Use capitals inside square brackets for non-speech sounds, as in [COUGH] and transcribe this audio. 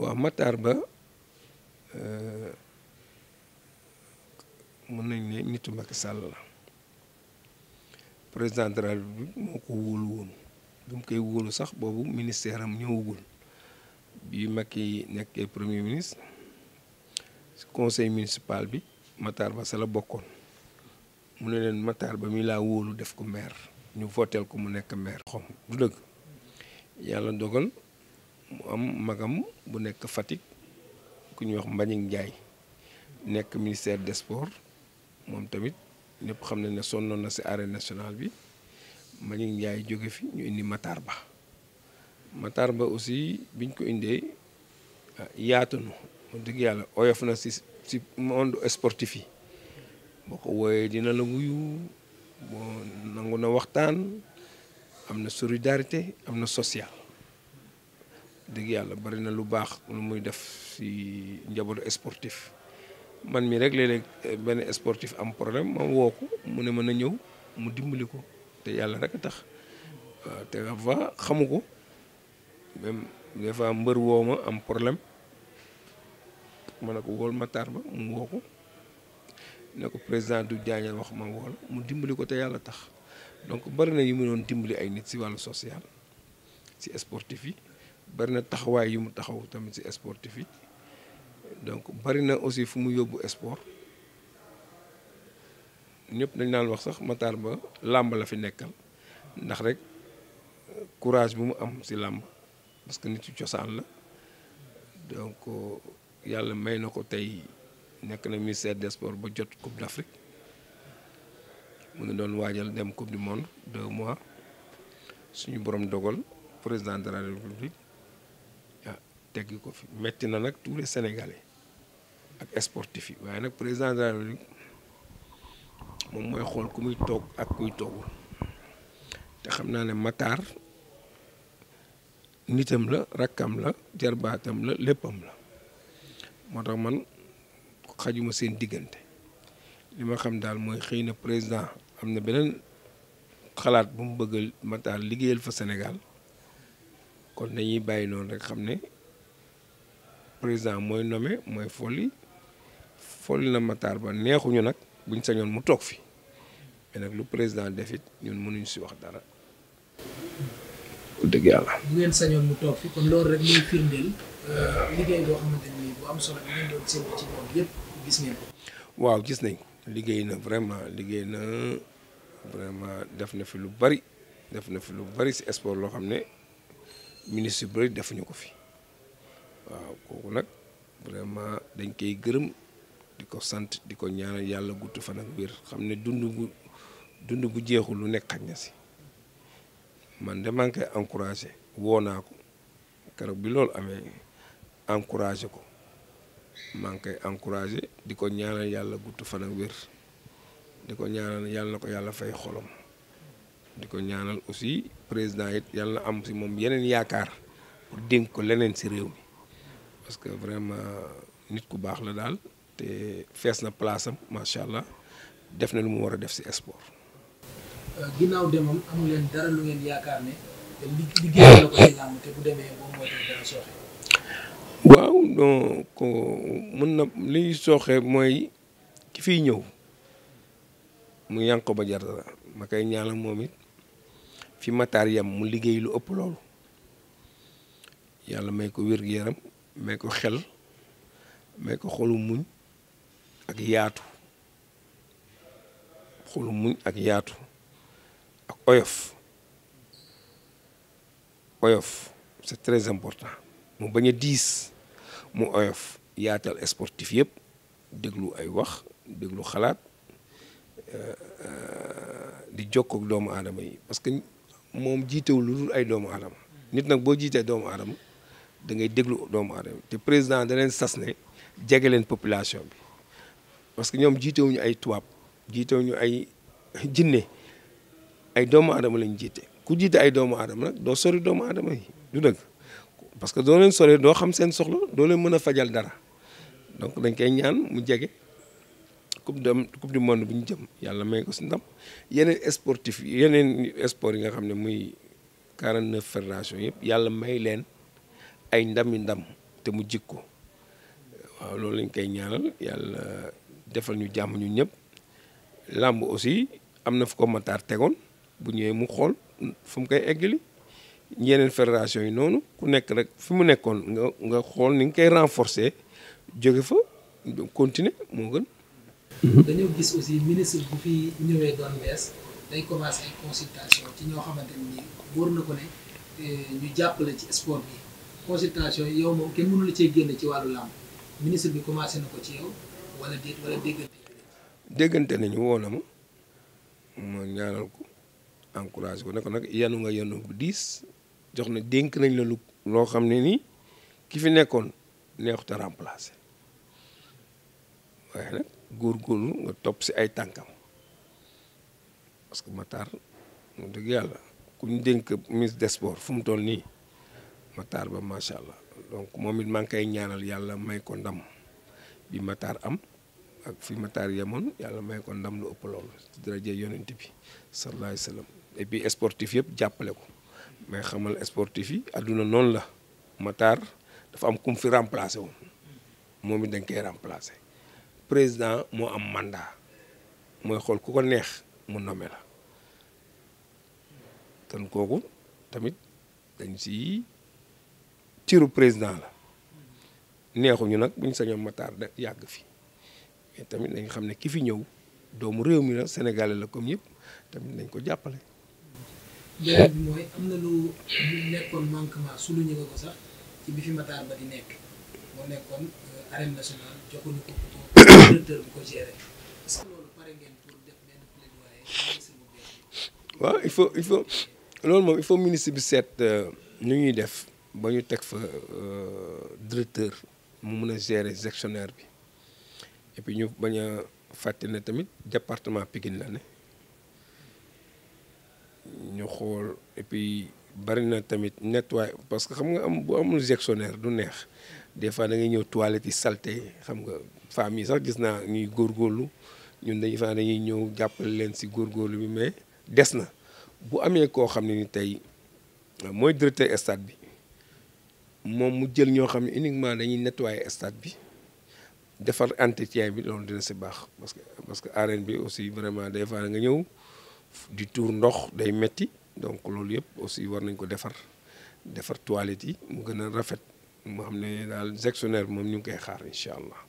waaw Matar Ba euh, mën nañ ni nitu Macky sàll la président de la moo ko wóolu woon bi mu koy wóolu sax boobu ministère am ñëwagul bi Macky nekkee premier ministre conseil municipal bi Matar Ba sa la bokkoon mu ne leen Matar Ba mi laa wóolu def ko maire ñu voteel ko mu nekk maire xom du dëgg yàlla dogal mu am magam bu nekk Fatick ku ñuy wax Mbagnick Ndiaye nekk ministère des sports moom tamit ñëpp xam nañ ne sonnoon na si arène nationale bi Mbagnick Ndiaye jóge fi ñu indi Matar Ba Matar Ba aussi biñ ko indee ah, yaatunu wax dëgg yàlla oyof na si si monde sportif yi boo ko wooyee dina la wuyu boo nangu na waxtaan am na solidarité am na social dëgg yàlla bari na lu baax lu muy def si njabootu sportif man mii rek léeg-léeg eh, benn sportif am problème ma woo ko mu ne mën a ñëw mu dimbali ko te yàlla rek a tax waaw te avant xamu ko même des fois mbër woo ma am problème ma ne ko wool mataar Ba mu woo ko ne ko président du jaañal wax ma wool mu dimbali ko te yàlla tax donc bari na yu mu doon dimbali ay nit si wàllu social si sportif yi bari na taxawaay yi mu taxaw tamit ci sportif yi donc bari na aussi fu mu yóbbu sport ñëpp dañ naan wax sax Matar Ba làmb la fi nekkal ndax rek courage bu mu am si làmb parce que nit ci cosaan la donc yàlla may na ko tey nekk na ministère des sports ba jot Coupe d'Afrique mu ngi doon waajal dem Coupe du monde deux mois suñu borom dogal président de la République teggi ko fi metti na nag tous les sénégalais ak sportif yi waaye nag président de moom mooy xool ku muy toog ak kuy toogul te xam naa ne Matar nitam la rakkam la jarbaatam la léppam la moo tax man xajuma seen diggante li ma xam daal mooy xëy na président am na beneen xalaat bu mu bëgg Matar liggéeyal fa Sénégal kon dañuy bàyyi noonu rek xam ne président mooy nommé mooy folli folli na Matar Ba neexuñu nag buñ sañoon mu toog fi mais lu président def it ñun mënuñu si wax dara. dëgg yàlla. bu ngeen sañoon mu toog fi kon loolu rek muy firndeel euh, liggéey boo xamante ni gis ngeen ko. liggéey na vraiment liggéey na vraiment def na fi lu bari def na fi lu bari si sport loo xam ne ministre yu bari defuñu ko fi. waaw kooku nag vraiment dañ koy gërëm di ko sant di ko ñaanal yàlla gudd fan ak wér xam ne dund dund gu jeexul lu nekk xaj na si man de maa koy encouragé woo naa ko keroog bi loolu amee encouragé ko maa koy encouragé di ko ñaanal yàlla gudd fan ak di ko ñaanal yàlla na ko yàlla fay xolom di ko ñaanal aussi président it yàlla na am si moom yeneen yaakaar pour dénk ko leneen si réew mi parce que vraiment nit ku baax la daal te fees na place am macha allah def na lu mu war a def si sport. Euh, ginnaaw demam amu dara lu ngeen yaakaar ne liggéey la ko ci làmb te bu demee moom mooy dara sooxe. na liy sooxe mooy ki fiy ñëw mu yànq ba jar dara ma koy ñaanal moom it fi mataar yam mu liggéey lu ëpp loolu yàlla may ko wér-gu-yaram. may ko xel may ko xolu muñ ak yaatu xolu muñ ak yaatu ak oyof oyof c'est très important mu bañ a diis mu oyof yaatal sportif yëpp déglu ay wax déglu xalaat euh, di jokkoog doomu aadama yi parce que moom jiitewul lu dul ay doomu aadama nit nag boo jiitee doomu aadama da ngay déglu doomu aadama te président da sas ne jege leen population bi parce que ñoom jiitewuñu ay tubaab jiitewuñu ay jinne ay doomu adama lañ jiite ku jiite ay doomu aadama nag doo sori doomu aadama yi du dëgg parce que doo leen sori doo xam seen soxla doo leen mën a fajal dara donc dañ koy ñaan mu jege coupe du coupe du monde bu ñu jëm yàlla may ko si ndam yeneen sportif yeneen sport yi nga xam ne muy 49 fédération yëpp yàlla may leen. ay ndami ndam te mu jig ko waaw loolu lañ koy ñaanal yàlla defal ñu jàmm ñu ñëpp làmb aussi am na fu ko Matar tegoon bu ñëwee mu xool fu mu koy eggali yeneen fédération yi noonu ku nekk rek fi mu nekkoon nga nga xool ni nga koy renforcer jóge fa continuer moo gën. Mm-hmm. dañoo gis aussi ministre bu fi ñëwee doon bees day commencé ay consultation ci ñoo xamante ni wóor na ko ne eh, ñu jàppale ci sport bi. consultation yi yow moom kenn mënu la cee génne ci wàllu làmb ministre bi commencé na ko ci yow wala déggante. nañu woo na ma ma ñaanal ko encouragé ko ne nag yenu nga yanu bu diis jox na dénk nañ la lu loo xam ne nii ki fi nekkoon neexut a remplacé waaye nag góorlu nga topp si ay tànkam parce que Matar mu dëgg yàlla ku dénk ministre des sports fu mu toll nii. Matar ba macha allah donc moom it maa ngi koy ñaanal yàlla may ko ndam bi Matar am ak fi Matar yemoon yàlla may ko ndam lu ëpp loolu ci daraje yonent bi sallallahu alayhi wa sportif yëpp jàppale ko mais xamal sportif yi àdduna noonu la Matar dafa am kum fi remplacé woon moom it dañ koy remplacé président moo am mandat mooy xool ku ko neex mu nommé la kon kooku tamit dañ si ciru président la neexuñu nag buñ sañoon Matar da yàgg fi mais tamit nañ xam ne ki fi ñëw doomu réew mi la Sénégalais la comme yëpp tamit nañ ko jàppale. beneen bi moo euh, [COUGHS] waaw il faut il faut loolu moom il faut ministre bi seet euh, nu ñuy def. ba ñu teg fa euh, directeur mu mun a gérer gestionnaire bi et ñu bañ a fàtte ne tamit département Pikine la ne ñu xool et puis bari na tamit nettoyer parce que xam nga am bu amul gestionnaire du neex des fois da ngay ñëw toilette yi salté xam nga femmes yi sax gis naa ñuy góorlu ñun dañuy fa dañuy ñëw jàppale leen si góorgóorlu bi mais des na bu amee koo xam ni tey mooy directeur stade bi. moom mu jël ñoo xam ne uniquement dañuy nettoyer stade bi defar entretien bi loolu dina si baax parce que parce que arène bi aussi vraiment des fois nga ñëw di tuur ndox day metti donc loolu yëpp aussi war nañ ko defar defar toilette yi mu gën a rafet moo xam ne daal gestionnaire bi moom ñu ngi koy xaar incha allah.